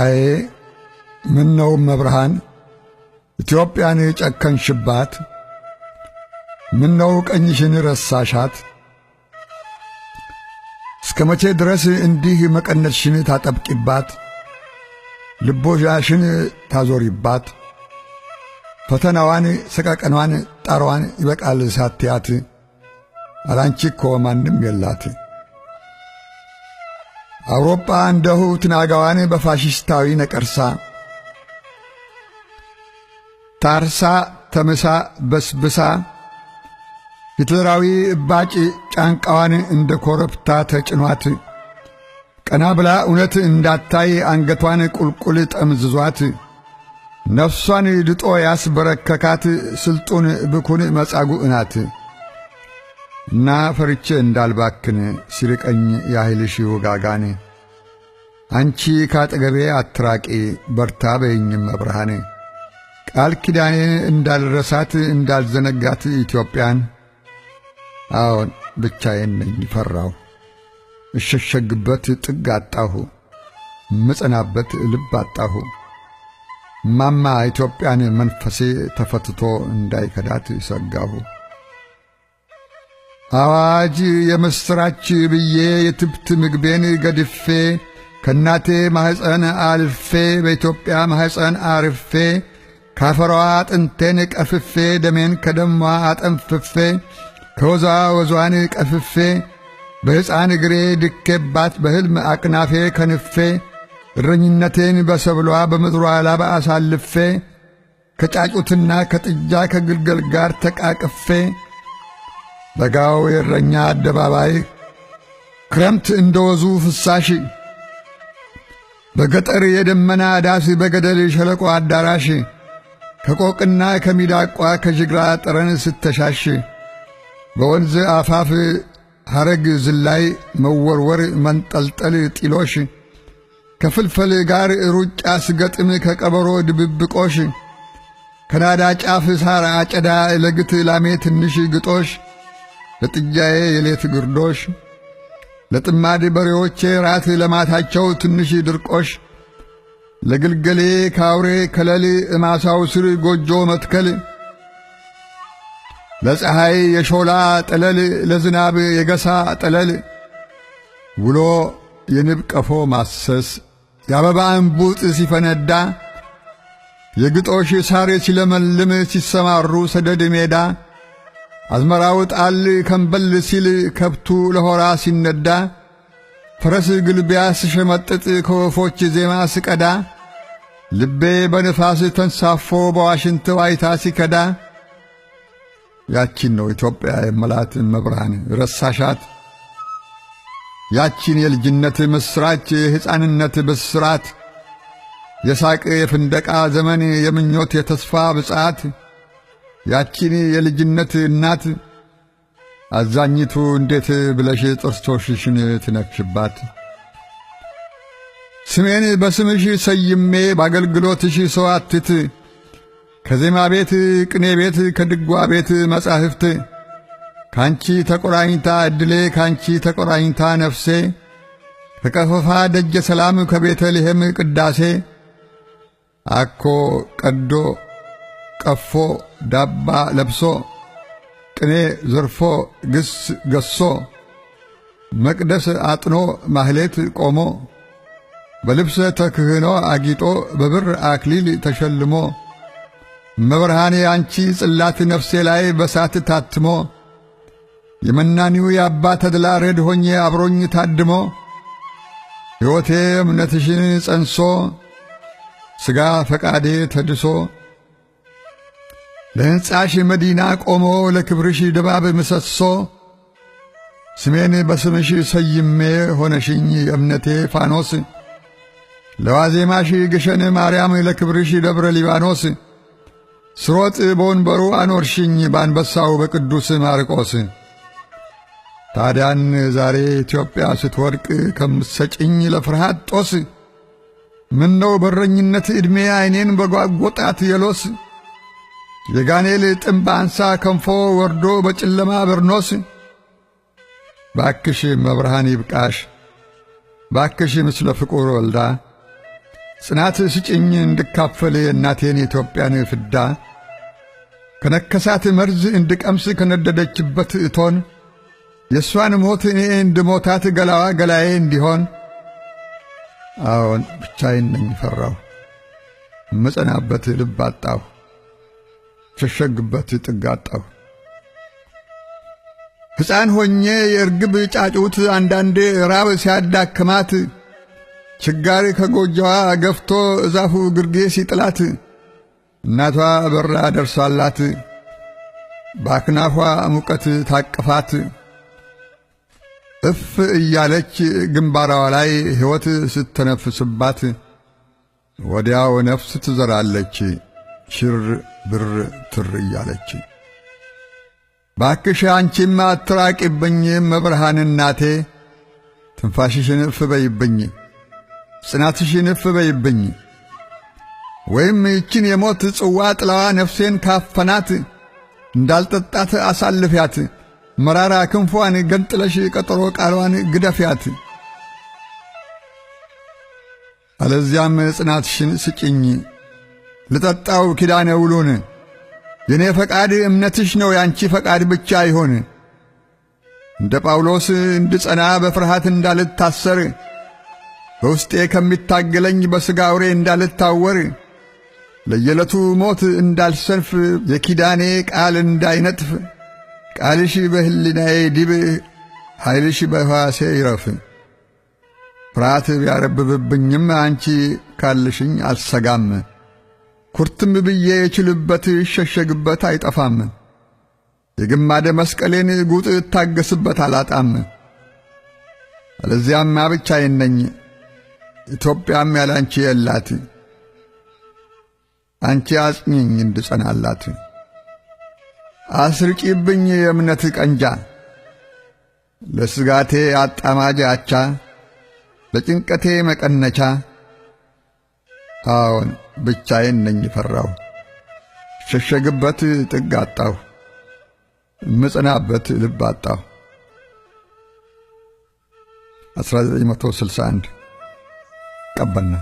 አዬ ምነው መብርሃን ኢትዮጵያን ጨከንሽባት፣ ምነው ቀኝሽን ረሳሻት፣ እስከ መቼ ድረስ እንዲህ መቀነትሽን ታጠብቂባት፣ ልቦሻሽን ታዞሪባት፣ ፈተናዋን ሰቀቀኗን ጣሯዋን ይበቃል ሳትያት አላንቺ እኮ ማንም የላት። አውሮፓ ሁት ናጋዋን በፋሽስታዊ ነቀርሳ ታርሳ ተምሳ በስብሳ ሂትለራዊ እባጭ ጫንቃዋን እንደ ኮረብታ ተጭኗት ቀና ብላ እውነት እንዳታይ አንገቷን ቁልቁል ጠምዝዟት ነፍሷን ድጦ ያስበረከካት ስልጡን ብኩን መጻጉዕ ናት። እና ፈርቼ እንዳልባክን ሲርቀኝ ያህልሽ ውጋጋኔ አንቺ ካጠገቤ አትራቂ በርታ በይኝም መብርሃኔ ቃል ኪዳኔ እንዳልረሳት እንዳልዘነጋት ኢትዮጵያን አዎን ብቻዬን ነኝ ፈራሁ እሸሸግበት ጥግ አጣሁ ምጸናበት ልብ አጣሁ ማማ ኢትዮጵያን መንፈሴ ተፈትቶ እንዳይከዳት ይሰጋሁ አዋጅ የምሥራች ብዬ የትብት ምግቤን ገድፌ ከእናቴ ማኅፀን አልፌ በኢትዮጵያ ማኅፀን አርፌ ካፈሯ አጥንቴን ቀፍፌ ደሜን ከደሟ አጠንፍፌ ከወዟ ወዟን ቀፍፌ በሕፃን እግሬ ድኬባት በሕልም አቅናፌ ከንፌ እረኝነቴን በሰብሏ በምድሯ ላባ አሳልፌ ከጫጩትና ከጥጃ ከግልገል ጋር ተቃቅፌ በጋው የእረኛ አደባባይ ክረምት እንደ ወዙ ፍሳሽ በገጠር የደመና ዳስ በገደል የሸለቆ አዳራሽ ከቆቅና ከሚዳቋ ከጅግራ ጠረን ስተሻሽ በወንዝ አፋፍ ሐረግ ዝላይ መወርወር መንጠልጠል ጢሎሽ ከፍልፈል ጋር ሩጫ ስገጥም ከቀበሮ ድብብቆሽ ከናዳ ጫፍ ሳር አጨዳ ለግት ላሜ ትንሽ ግጦሽ ለጥጃዬ የሌት ግርዶሽ፣ ለጥማድ በሬዎቼ ራት ለማታቸው ትንሽ ድርቆሽ፣ ለግልገሌ ካውሬ ከለል እማሳው ስር ጎጆ መትከል፣ ለፀሐይ የሾላ ጠለል፣ ለዝናብ የገሳ ጠለል ውሎ የንብ ቀፎ ማሰስ የአበባ እንቡጥ ሲፈነዳ የግጦሽ ሳር ሲለመልም ሲሰማሩ ሰደድ ሜዳ አዝመራው ጣል ከንበል ሲል ከብቱ ለሆራ ሲነዳ ፈረስ ግልቢያ ስሸመጥጥ ከወፎች ዜማ ስቀዳ ልቤ በንፋስ ተንሳፎ በዋሽንት ዋይታ ሲከዳ ያቺን ነው ኢትዮጵያ የመላት መብራን ረሳሻት። ያቺን የልጅነት ምስራች የሕፃንነት ብስራት የሳቅ የፍንደቃ ዘመን የምኞት የተስፋ ብጻት ያቺን የልጅነት እናት አዛኝቱ እንዴት ብለሽ ጥርቶሽሽን ትነክሽባት? ስሜን በስምሽ ሰይሜ በአገልግሎትሽ ሰው አትት ከዜማ ቤት፣ ቅኔ ቤት፣ ከድጓ ቤት መጻሕፍት ካንቺ ተቆራኝታ ዕድሌ ካንቺ ተቆራኝታ ነፍሴ ከቀፈፋ ደጀ ሰላም ከቤተልሔም ቅዳሴ አኮ ቀዶ ቀፎ ዳባ ለብሶ ቅኔ ዘርፎ ግስ ገሶ መቅደስ አጥኖ ማህሌት ቆሞ በልብሰ ተክህኖ አጊጦ በብር አክሊል ተሸልሞ መብርሃኔ አንቺ ጽላት ነፍሴ ላይ በሳት ታትሞ የመናኒው የአባ ተድላ ረድ ሆኜ አብሮኝ ታድሞ ሕይወቴ እምነትሽን ጸንሶ ሥጋ ፈቃዴ ተድሶ ለሕንጻሽ መዲና ቆሞ ለክብርሽ ድባብ ምሰሶ ስሜን በስምሽ ሰይሜ ሆነሽኝ እምነቴ ፋኖስ ለዋዜማሽ ግሸን ማርያም ለክብርሽ ደብረ ሊባኖስ ስሮጥ በወንበሩ አኖርሽኝ በአንበሳው በቅዱስ ማርቆስ ታዲያን ዛሬ ኢትዮጵያ ስትወድቅ ከምትሰጭኝ ለፍርሃት ጦስ ምነው በረኝነት ዕድሜ ዐይኔን በጓጐጣት የሎስ የጋኔል ጥምብ አንሳ ከንፎ ወርዶ በጨለማ በርኖስ ባክሽ መብርሃን ይብቃሽ ባክሽ ምስለ ፍቁር ወልዳ ጽናት ስጭኝ እንድካፈል የእናቴን ኢትዮጵያን ፍዳ ከነከሳት መርዝ እንድቀምስ ከነደደችበት እቶን የእሷን ሞት እኔ እንድሞታት ገላዋ ገላዬ እንዲሆን አዎን ብቻዬን ነኝ ፈራሁ መጸናበት ልብ አጣሁ። ሸሸግበት ጥጋጣሁ። ሕፃን ሆኜ የእርግብ ጫጩት አንዳንዴ ራብ ሲያዳክማት ችጋሪ ከጎጆዋ ገፍቶ እዛፉ ግርጌ ሲጥላት እናቷ በራ ደርሷላት በአክናፏ ሙቀት ታቅፋት እፍ እያለች ግንባራዋ ላይ ሕይወት ስትነፍስባት ወዲያው ነፍስ ትዘራለች። ሽር ብር ትር እያለች ባክሽ አንቺም አትራቂብኝ መብርሃን እናቴ ትንፋሽሽን እፍ በይብኝ ጽናትሽን እፍ በይብኝ ወይም ይችን የሞት ጽዋ ጥላዋ ነፍሴን ካፈናት እንዳልጠጣት አሳልፊያት መራራ ክንፏን ገንጥለሽ ቀጠሮ ቃሏን ግደፊያት። አለዚያም ጽናትሽን ስጭኝ ልጠጣው ኪዳነ ውሉን የኔ ፈቃድ እምነትሽ ነው ያንቺ ፈቃድ ብቻ ይሆን። እንደ ጳውሎስ እንድጸና በፍርሃት እንዳልታሰር በውስጤ ከሚታገለኝ በሥጋ አውሬ እንዳልታወር ለየዕለቱ ሞት እንዳልሰንፍ የኪዳኔ ቃል እንዳይነጥፍ ቃልሽ በሕሊናዬ ዲብ ኃይልሽ በሕዋሴ ይረፍ። ፍርሃት ቢያረብብብኝም አንቺ ካልሽኝ አልሰጋም። ኩርትም ብዬ የችልበት ይሸሸግበት አይጠፋም። የግማደ መስቀሌን ጉጥ እታገስበት አላጣም። አለዚያም ብቻዬን ነኝ፣ ኢትዮጵያም ያላንቺ የላት። አንቺ አጽኚኝ እንድጸናላት፣ አስርጪብኝ የእምነት ቀንጃ። ለስጋቴ አጣማጃቻ፣ ለጭንቀቴ መቀነቻ አዎን ብቻዬን ነኝ ፈራሁ። ሸሸግበት ጥግ አጣሁ፣ ምጽናበት ልብ አጣሁ። 1961 ቀበና